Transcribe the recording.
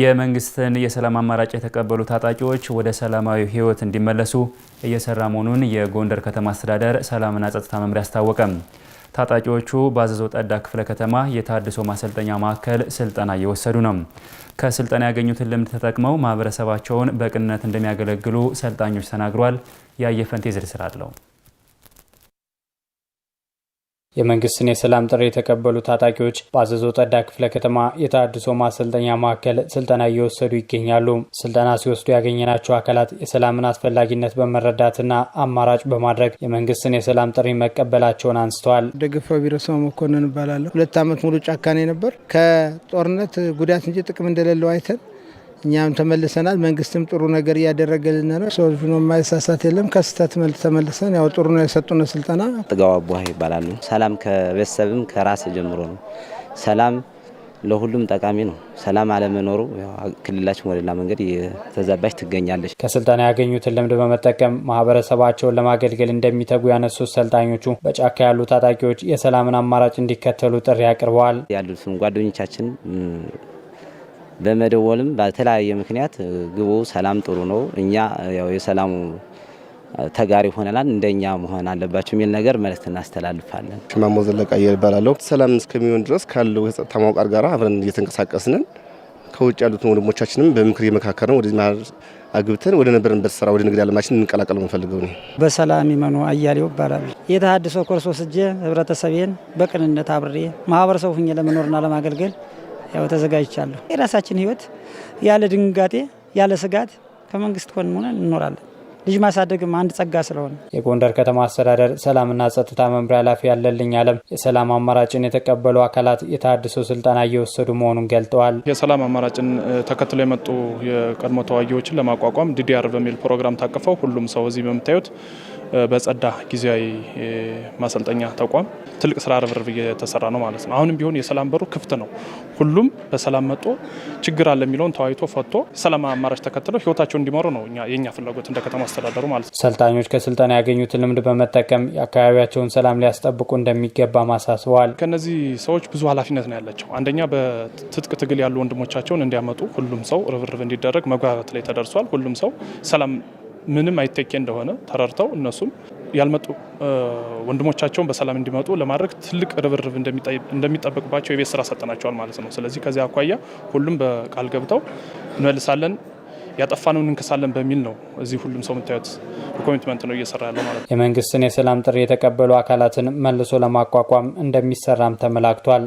የመንግስትን የሰላም አማራጭ የተቀበሉ ታጣቂዎች ወደ ሰላማዊ ህይወት እንዲመለሱ እየሰራ መሆኑን የጎንደር ከተማ አስተዳደር ሰላምና ጸጥታ መምሪያ አስታወቀም። ታጣቂዎቹ በአዘዞ ጠዳ ክፍለ ከተማ የታድሶ ማሰልጠኛ ማዕከል ስልጠና እየወሰዱ ነው። ከስልጠና ያገኙትን ልምድ ተጠቅመው ማህበረሰባቸውን በቅንነት እንደሚያገለግሉ ሰልጣኞች ተናግሯል። ያየፈንቴ ዝርዝር አለው። የመንግስትን የሰላም ጥሪ የተቀበሉ ታጣቂዎች በአዘዞ ጠዳ ክፍለ ከተማ የታድሶ ማሰልጠኛ ማዕከል ስልጠና እየወሰዱ ይገኛሉ። ስልጠና ሲወስዱ ያገኘናቸው አካላት የሰላምን አስፈላጊነት በመረዳትና አማራጭ በማድረግ የመንግስትን የሰላም ጥሪ መቀበላቸውን አንስተዋል። ደገፋው ቢረሰው መኮንን እባላለሁ። ሁለት ዓመት ሙሉ ጫካኔ ነበር። ከጦርነት ጉዳት እንጂ ጥቅም እንደሌለው አይተን እኛም ተመልሰናል። መንግስትም ጥሩ ነገር እያደረገልን ነው። ሰው ነው የማይሳሳት የለም። ከስህተት ተመልሰን ያው ጥሩ ነው የሰጡን ስልጠና። ጥጋው አቡሀ ይባላሉ። ሰላም ከቤተሰብም ከራስ ጀምሮ ነው። ሰላም ለሁሉም ጠቃሚ ነው። ሰላም አለመኖሩ ክልላችን ወደላ መንገድ እየተዛባች ትገኛለች። ከስልጠና ያገኙትን ልምድ በመጠቀም ማህበረሰባቸውን ለማገልገል እንደሚተጉ ያነሱት ሰልጣኞቹ በጫካ ያሉ ታጣቂዎች የሰላምን አማራጭ እንዲከተሉ ጥሪ አቅርበዋል። ያሉትም ጓደኞቻችን በመደወልም በተለያየ ምክንያት ግቡ፣ ሰላም ጥሩ ነው፣ እኛ ያው የሰላሙ ተጋሪ ሆነናል፣ እንደኛ መሆን አለባቸው የሚል ነገር መልእክት እናስተላልፋለን። ማሞ ዘለቃ እባላለሁ። ሰላም እስከሚሆን ድረስ ካለው የጸጥታ መዋቅር ጋር አብረን እየተንቀሳቀስንን ከውጭ ያሉትን ወንድሞቻችንም በምክር የመካከር ነው ወደ አግብተን ወደ ነበርንበት ስራ ወደ ንግድ አለማችን እንቀላቀል የምንፈልገው ነው። በሰላም ይመኑ አያሌው ይባላል። የተሃድሶ ኮርስ ወስጄ ህብረተሰቤን በቅንነት አብሬ ማህበረሰቡ ሁኜ ለመኖርና ለማገልገል ያው ተዘጋጅቻለሁ። የራሳችን ህይወት ያለ ድንጋጤ ያለ ስጋት ከመንግስት ሆን ሆነ እንኖራለን። ልጅ ማሳደግም አንድ ጸጋ ስለሆነ የጎንደር ከተማ አስተዳደር ሰላምና ጸጥታ መምሪያ ኃላፊ ያለልኝ አለም የሰላም አማራጭን የተቀበሉ አካላት የታድሶ ስልጠና እየወሰዱ መሆኑን ገልጠዋል። የሰላም አማራጭን ተከትሎ የመጡ የቀድሞ ተዋጊዎችን ለማቋቋም ዲዲአር በሚል ፕሮግራም ታቅፈው ሁሉም ሰው እዚህ በምታዩት በጸዳ ጊዜያዊ ማሰልጠኛ ተቋም ትልቅ ስራ ርብርብ እየተሰራ ነው ማለት ነው። አሁንም ቢሆን የሰላም በሩ ክፍት ነው። ሁሉም በሰላም መጦ ችግር አለ የሚለውን ተዋይቶ ፈቶ ሰላም አማራጭ ተከትለው ህይወታቸውን እንዲመሩ ነው የእኛ ፍላጎት እንደ ከተማ አስተዳደሩ ማለት ነው። ሰልጣኞች ከስልጠና ያገኙትን ልምድ በመጠቀም የአካባቢያቸውን ሰላም ሊያስጠብቁ እንደሚገባ ማሳስበዋል። ከእነዚህ ሰዎች ብዙ ኃላፊነት ነው ያላቸው። አንደኛ በትጥቅ ትግል ያሉ ወንድሞቻቸውን እንዲያመጡ ሁሉም ሰው ርብርብ እንዲደረግ መግባባት ላይ ተደርሷል። ሁሉም ሰው ሰላም ምንም አይተኬ እንደሆነ ተረድተው እነሱም ያልመጡ ወንድሞቻቸውን በሰላም እንዲመጡ ለማድረግ ትልቅ ርብርብ እንደሚጠበቅባቸው የቤት ስራ ሰጠናቸዋል ማለት ነው። ስለዚህ ከዚህ አኳያ ሁሉም በቃል ገብተው እንመልሳለን ያጠፋነውን እንከሳለን በሚል ነው። እዚህ ሁሉም ሰው የምታዩት በኮሚትመንት ነው እየሰራ ያለው ማለት ነው። የመንግስትን የሰላም ጥሪ የተቀበሉ አካላትን መልሶ ለማቋቋም እንደሚሰራም ተመላክቷል።